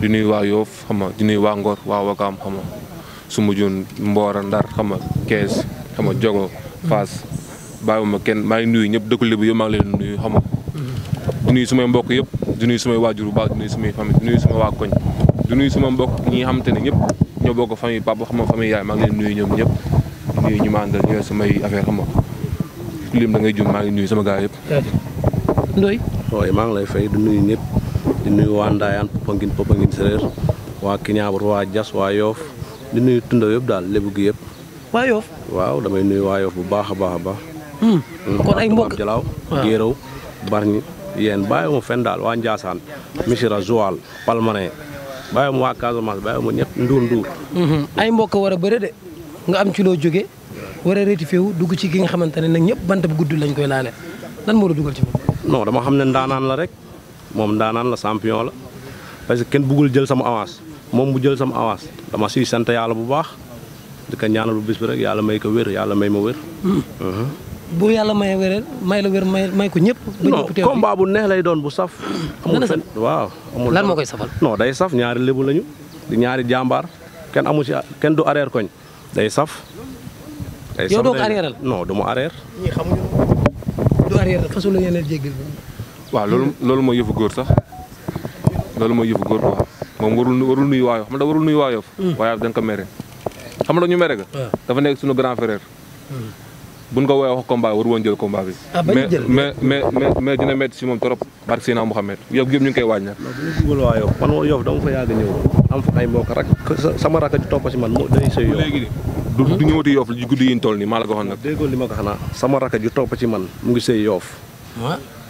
di nuyu waa Yoof xam nga di waa Ngor waa Wakaam xam suma su ma juun Mboora Ndar xam nga Kees xam Jogo Faas bàyyiwuma kenn maa ngi nuyu ñëpp dëkku Lebu yëpp maa ngi leen nuyu xam nga di mbokk yëpp di nuyu sumay waajur bu baax di nuyu sumay famille waa koñ di nuyu suma mbokk ñi nga ne ñëpp ñoo bokk famille papa maa ngi leen nuyu ñoom ñëpp ñu samay affaire xam nga lim da ngay jum maa ngi nuyu sama gars yëpp. maa ngi lay fay di di nuyu waa Ndaayaan Popenguine Popenguine Séréer waa Kiñaabur waa Diass waa Yoof di nuyu tundaw yëpp daal lébu gi yëpp. waa Yoof waaw damay nuy waa Yoof bu baax a baax a baax. Hmm. Hmm, kon ay mbokk Jalaaw Géeraw Bargny yéen bàyyiwuma fenn daal waa Ndiassane Missirah Joal Palmarin bàyyiwuma waa Casamance bàyyiwuma ñëpp Ndour Ndour. Hmm. ay mbokk war a bëre de nga am ci loo jóge war a rétifié wu dugg ci ki nga xamante ne nag ñëpp bant bu gudd lañ koy laale lan moo la dugal ci moom. xam ne ndaanaan la rek. moom daanaan la champion la parce que kenn bëggul jël sama avance moom mu jël sama avance dama siy sant yàlla bu baax di ko ñaanal bu bis bi rek yàlla may ko wér yàlla may ma wér. Hmm. Uh-huh. bu yàlla may wér may la wér may may ko ñëpp. non combat bu neex lay doon bu saf. Hmm. amul fen waaw amul lan moo koy safal. non day saf ñaari lébu lañu di ñaari jàmbaar kenn amu si kenn du arrière koñ day saf. day saf yow doo ko arrière non du ma arrière. ñii xamuñu du waaw loolu loolu mooy yëfu góor sax loolu mooy yëfu góor quoi moom warul warul nuyu waa Yoff xam nga warul nuyu waa Yoff hmm. waaye dañ ko mere xam nga ñu mere ga ah. dafa nekk suñu grand frère hmm. buñ ko woowee wax combat waru woon jël combat bi ah, mais mais mais dina métti si moom trop barke Seydina Mouhamed yow yëpp ñu ngi koy waaj nag bëgul waa Yoff man moom Yoff dama fa yàgg ñëw mbokk rak sama rak di topp si man moo day du du ñëwati Yoff li guddi yi ñu toll nii maa la ko waxoon nag déggoo li ma ko xanaa sama rak ji topp ci man mu ngi sëy Yoff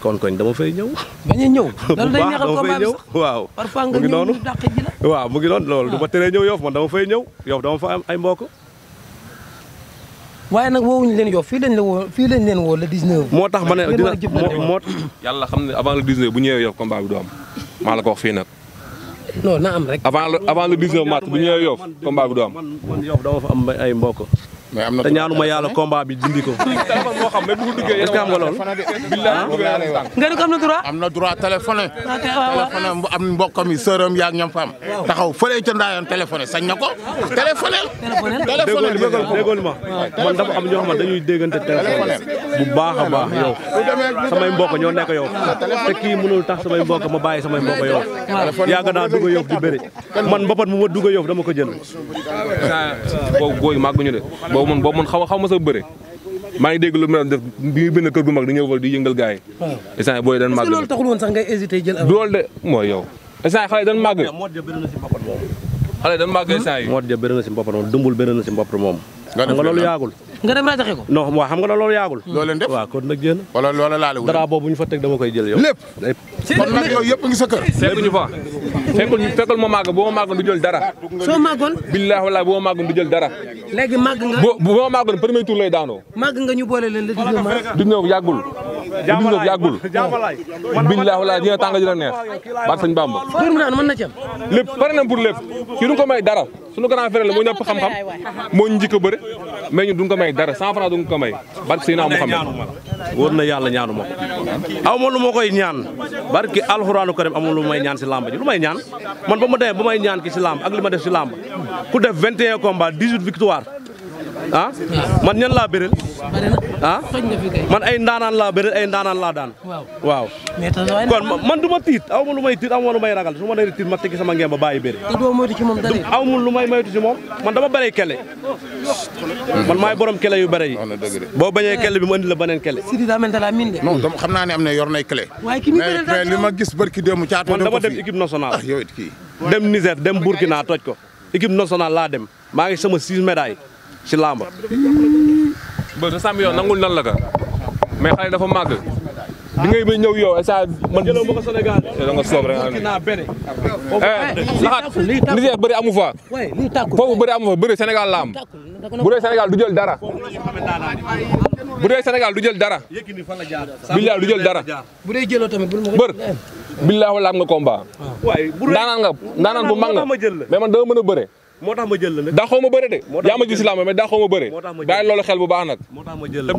kon koñ dama fay ñëw. dañuy ñëw loolu day neexal combat bi sax waaw parfois ñëw ñu dàq ji la. waaw mu ngi loolu du ma teree ñëw Yoff man fay ñëw Yoff dama fa am ay mbokk. waaye nag woowuñu leen Yoff fii lañ la fii lañ leen woo la 19. moo tax ma ne dina moo yàlla ne avant le bu ñëwee Yoff combat bi du am maa la ko fii nag. non na am rek. avant le avant bu ñëwee Yoff combat bi du am. man man Yoff ay mbokk. mais am na te ñaanuma yàlla combat bi dindi ko. téléphone moo xam mais bu a war a ah, nga ne am na droit. am na droit am mbokkam yi sëram yaag ñam faam. taxaw fële ca Ndaayoon téléphoné sañ na ko. téléphoné. am ñoo xam dañuy déggante téléphoné. bu baax a baax yow. samay mbokk ñoo nekk yow. te kii mënul tax samay mbokk ma bàyyi samay mbokk yow. naa dugg yow di bëri. man mbapat mu ma dugg yow dama ko jënd. boobu de boobu man boobu man xaw xaw ma sa bëre maa ngi dégg lu mu doon def bi ñu bind kër gu mag di ñëw fa di yëngal gars yi. waaw instant booy dañ màgg. loolu taxul woon sax ngay hésité jël aw. loolu de mooy yow. instant xale yi dañ màgg. xale yi dañ màgg instant moom Dumbul bëri na moom. nga dem rajaxe ko no waaw xam nga loolu yaagul loo leen def waaw kon nag génn wala loola laalewul dara boobu ñu fa teg dama koy jël yow lépp kon nag yow yëpp ngi sa kër fekkuñu fa ma màgg boo ma màggoon jël dara soo màggoon billaahi wallaahi boo ma màggoon du jël dara léegi màgg nga boo ma màggoon premier tour lay daanoo màgg nga ñu boole leen la di ñëw yàggul dund ak yàggul billahi wala dina tàng dina neex baat sëñ Bamba pour mu naan mën na ci am lépp pare na pour lépp kii duñ ko may dara suñu grand frère la moo ñëpp xam-xam moo ñu njëkk a bëre mais ñu duñ ko may dara cent francs duñ ko may barke Seydina Muhammad wóor na yàlla ñaanu ma aw ma lu ma koy ñaan barke alxuraanu karim amul lu may ñaan si làmb ji lu may ñaan man ba ma demee ba may ñaan ki si làmb ak ma def si làmb ku def 21 combats 18 victoires ah man ñan laa bëreel. ah man ay ndaanaan laa bëreel ndaanaan laa daan. waaw kon man du ma tiit aw ma lu may tiit may ragal su ma nee tiit ma tekki sama ngeen ba bàyyi bëri. te doo moytu aw ma lu may moytu ci moom man dama bëree kele. man maay borom kele yu bëri yi. boo bañee kele bi mu andi la beneen kele. Sidi daa mel xam naa ne am na yor nay li ma gis barki démb caatoo dem ko fii man dama dem équipe nationale. Ah, dem Niger dem Burkina toj ko équipe nationale laa dem maa ngi sama six médailles ci làmba bër sa sàmm yow nangul nan la ka mais xale dafa màgg bi ngay ba ñëw yow sa man jëloo ma ko Sénégal eh, da nga soob rek naa bene laxaat Niger bëri amu fa foofu bëri amu fa bëri Sénégal la am bu dee jël dara bu dee Sénégal du jël dara billaay du jël dara bu ma bër billaay wala nga combat daanaan nga daanaan bu mag nga mais man dama mën a bëre moo tax ma jël la nag daa xaw ma bëre de yaa ma gis làmb mais daa xaw ma bëre bàyyi loolu xel bu baax nag moo tax ma jël la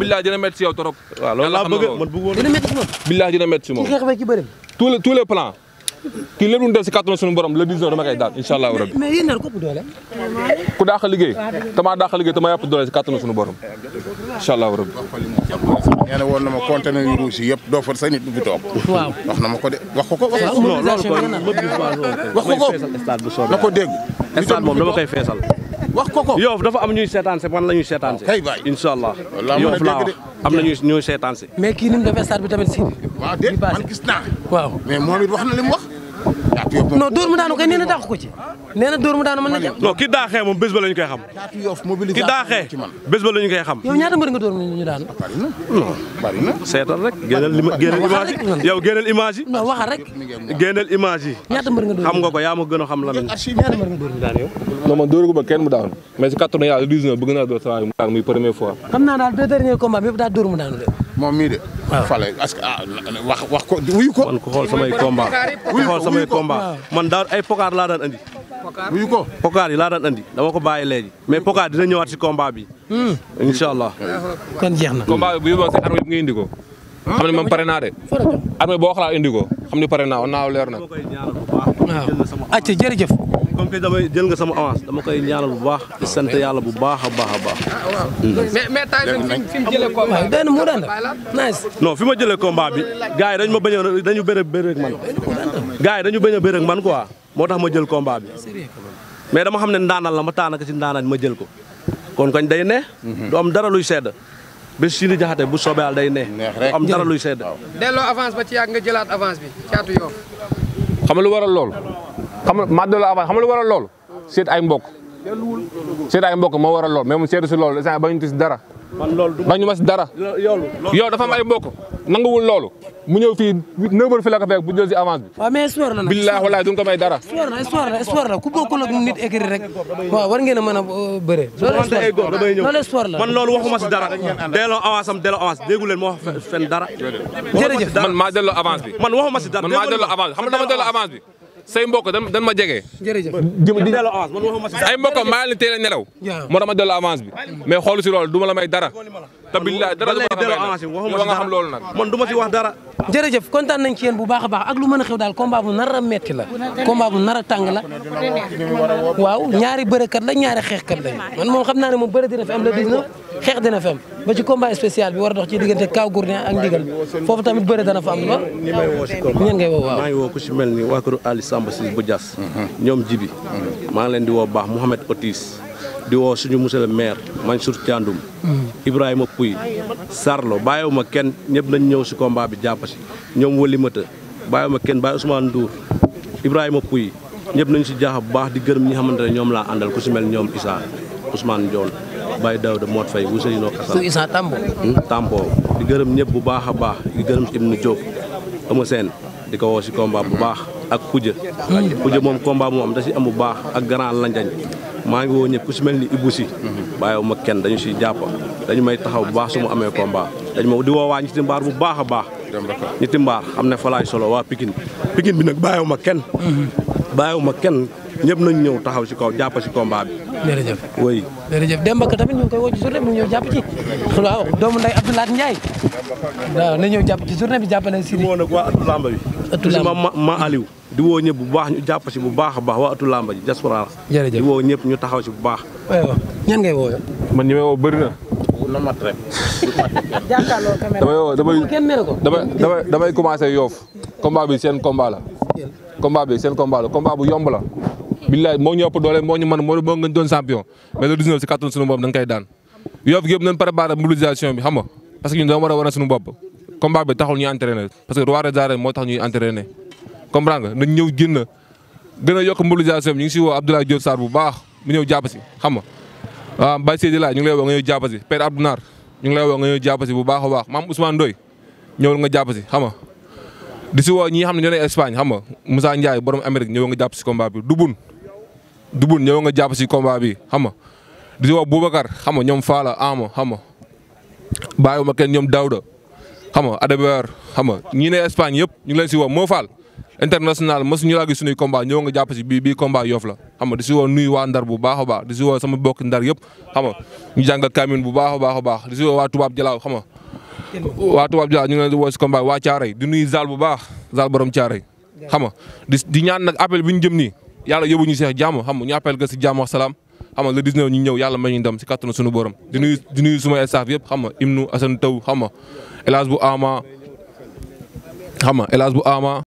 te billaahi tous les tous les plans kii lépp si kàttanu suñu borom le 19 dama koy a ko ëpp doole ku daax liggéey te maa liggéey te maa doole si kàttanu suñu borom incha allahu rabbi na woon na ma stade moom dama koy feesal. wax ko ko Yoff dafa am ñuy seetaanse man la ñuy seetaanse. kay waay incha allah. Yoff laa wax am na ñuy seetaanse. mais kii ni mu defee stade bi tamit si. waaw gis naa. waaw mais moom it wax na li caatu yoof non dóor mu daanu kay nee na dàq ko ci nee na dóor mu daanu mën na jàpp non ki daaxee moom bés ba la ñu koy xam caatu yoof mobilisation ki daaxee bés ba la ñu koy xam yow ñaata mbër nga dóor mu ñu daanu non bari na seetal rek génneel image yi yow génneel image yi non waxal rek génneel image yi ñaata mbër nga dóor xam nga ko yaa ma gën a xam la ñaata mbër nga dóor mu daanu yow non man dóoru ma kenn mu daanu mais si kattanu yàlla 19 bëgg naa dóor saa mu daanu muy première fois xam naa daal deux derniers combats yëpp daal dóor mu daanu de moom mii de. waaw Fale est-ce que ah, wax wax ko wuyu ko. man ku xool samay combat ku xool samay combat man daaw ay pokaar laa daan andi. wuyu ko pokaar yi laa daan andi dama ko bàyyi léegi mais pokaar dina ñëwaat si combat bi. Hmm. incha allah. kon jeex na. combat bi bu yóbboo seen arme bi nga indi ko. Hmm? xam ne man pare naa de. arme boo xalaat indi ko xam ne pare naa on naaw leer na. waaw acca jërëjëf. comme que damay jël nga sama avance dama koy ñaanal bu baax di sant yàlla bu baax a baax a baax. mais mais Tyson fi mu jëlee combat bi mu nice. non fi ma jëlee combat bi gars yi dañu ma bañ a dañu bëre bëre ak man gars yi dañu bañ a bëre ak man moo tax ma jël combat bi mais dama xam ne ndaanal la ma taanaka ci ndaanal ma jël ko kon kañ day ne. Mhm. du am dara luy sedd. bés si li jaxate bu soobee day ne. am dara luy sedd. delloo avance ba ci yàgg nga jëlaat avance bi caatu yoo xam nga lu waral lool. xam nga mat de la avance xam nga lu waral loolu seet ay mbokk seet ay mbokk moo waral lool mais mu seetu si loolu instant bañu si dara bañu ma si dara yow dafa am ay mbokk nanguwul loolu mu ñëw fii neuf heures fi la ko fekk bu jël si avance bi waaw mais sport la nag billaahi wallaahi duñ ko may dara sport la sport la sport la ku bokkul ak nit écrit rek waaw war ngeen a mën a euh, bëre loolu sport la man loolu waxuma si dara delloo avance am delloo avance déggu leen ma wax fen dara jërëjëf man maa delloo avance bi man waxuma si dara man maa delloo avance xam nga dama delloo avance bi say mbokk dan dan ma jege. jërëjëf di delloo avance man ay mbokk maa leen teel a nelaw. moo ma delloo avance bi mais xoolu si loolu du ma la may dara. te billaay dara du ma xam nga xam loolu nag man du ma si wax dara jërëjëf kontaan nañ ci yéen bu baax a baax ak lu mën a xew daal combat bu nar a metti la combat bu nar a tàng la waaw ñaari bërëkat la ñaari xeexkat la man moom xam naa ne moom bëre dina fi am le 19 xeex dina fi am ba ci combat spécial bi war a dox ci diggante Kaw Gourdin ak Ndigal foofu tamit bëre dana fa am lool ñi may woo si combat ñeen ngay woo waaw maa ngi woo ku si mel ni waa këru Ali Samba si bu Dias mhm. ñoom Jibi mhm. maa ngi leen di woo di woo suñu monsieur le maire Mansour Thiandoum Ibrahima Pouy Sarlo ma kenn ñëpp nañ ñëw si combat bi jàpp si ñoom wali mata ma kenn bàyyi Ousmane Ndour Ibrahima Pouy ñëpp nañ si jaaxa bu baax di gërëm ñi nga xamante ne ñoom laa àndal ku si mel ñoom Issa Ousmane Ndiol Baye Daouda Moot Fay noo Kassal su Issa Tambo hmm, Tambo di gërëm ñëpp bu baax a baax di gërëm si Ibnu Diop ama seen di ko woo si combat bu baax ak Koudia hmm. Koudia moom combat moom da si am bu baax ak Grand Lanjañ maa ngi woo ñëpp ku si mel ni Ibou si bàyyiwu ma kenn dañu si jàpp dañu may taxaw bu baax su ma amee combat dañu ma di woo waa ñitti mbaar bu baax a baax ñitti mbaar xam ne fa laay solo waa Pikine Pikine bi nag bàyyiwu ma kenn bàyyiwu ma kenn ñëpp nañu ñëw taxaw si kaw jàpp si combat bi. jërëjëf oui. jërëjëf Demba Ka tamit ñu ngi koy woo ci journée mu ñëw jàpp ci. waaw doomu nday Abdoulaye Ndiaye. waaw na ñëw jàpp ci journée bi jàppale Sidi. moo nag waa Atu Lamba bi. Atu Lamba ma ma Aliou. di woo ñëpp bu baax ñu jàpp ci bu baax a baax waa atu làmba ji diaspora la di woo ñëpp ñu taxaw ci bu baax aywa ngay woo man ñi may woo bëri na na mat rek jàkkaarloo caméra damay damay damay commencé yoof combat bi seen combat la combat bi seen combat la combat bu yomb la billaay moo ñu ëpp doole moo ñu moo moo doon champion mais le 19 ci kàttanu suñu bopp da daan yoof gi yëpp nañ préparé mobilisation bi xam nga parce que ñun dama war a bopp combat bi taxul ñuy entraîné parce que roi des moo tax ñuy entraîné comme nga nañ ñëw génn gën a yokk mobilisation bi ñu ngi si woo Abdoulaye Diop Sarr bu baax mu ñëw jàpp si xam nga waaw ah, Baye Seydi Laay ñu ngi lay woo nga ñëw jàpp si Père ñu lay woo nga ñëw jàpp bu baax a baax maam Ousmane Ndoye ñëwul nga jàpp si xam nga di si woo ñi xam ne ñoo ne Espagne xam nga Moussa Ndiaye borom Amérique ñëw nga jàpp si combat bi Dubun Dubun ñëw nga jàpp si combat bi xam nga di si woo xam nga ñoom Fala Ama xam nga bàyyiwuma kenn ñoom Daouda xam nga Adébert xam nga ñi ne Espagne yëpp ñu ngi leen si woo moo international mos ñu raagi suñuy combat ñëw nga jàpp si bii bii combat yoof la xam di si woo nuyu waa ndar bu baax a baax di si woo sama bokk ndar yëpp xam nga ñu jàngal kamin bu baax baax a baax di si woo waa tubaab jalaaw xam nga waa tubaab jalaaw ñu woo si waa caaray di nuyu saal bu baax zaal borom caaray xam nga di ñaan nag appel bi ñu jëm nii yàlla yóbbu ñu seex jàmm xam nga ñu appel ga si jàmm wax salaam xam nga le 19 ñu ñëw yàlla may ñu dem si kattanu suñu borom di nuyu di nuyu suma staff yëpp xam nga imnu asan taw xam nga elage bu ama xam nga elage bu ama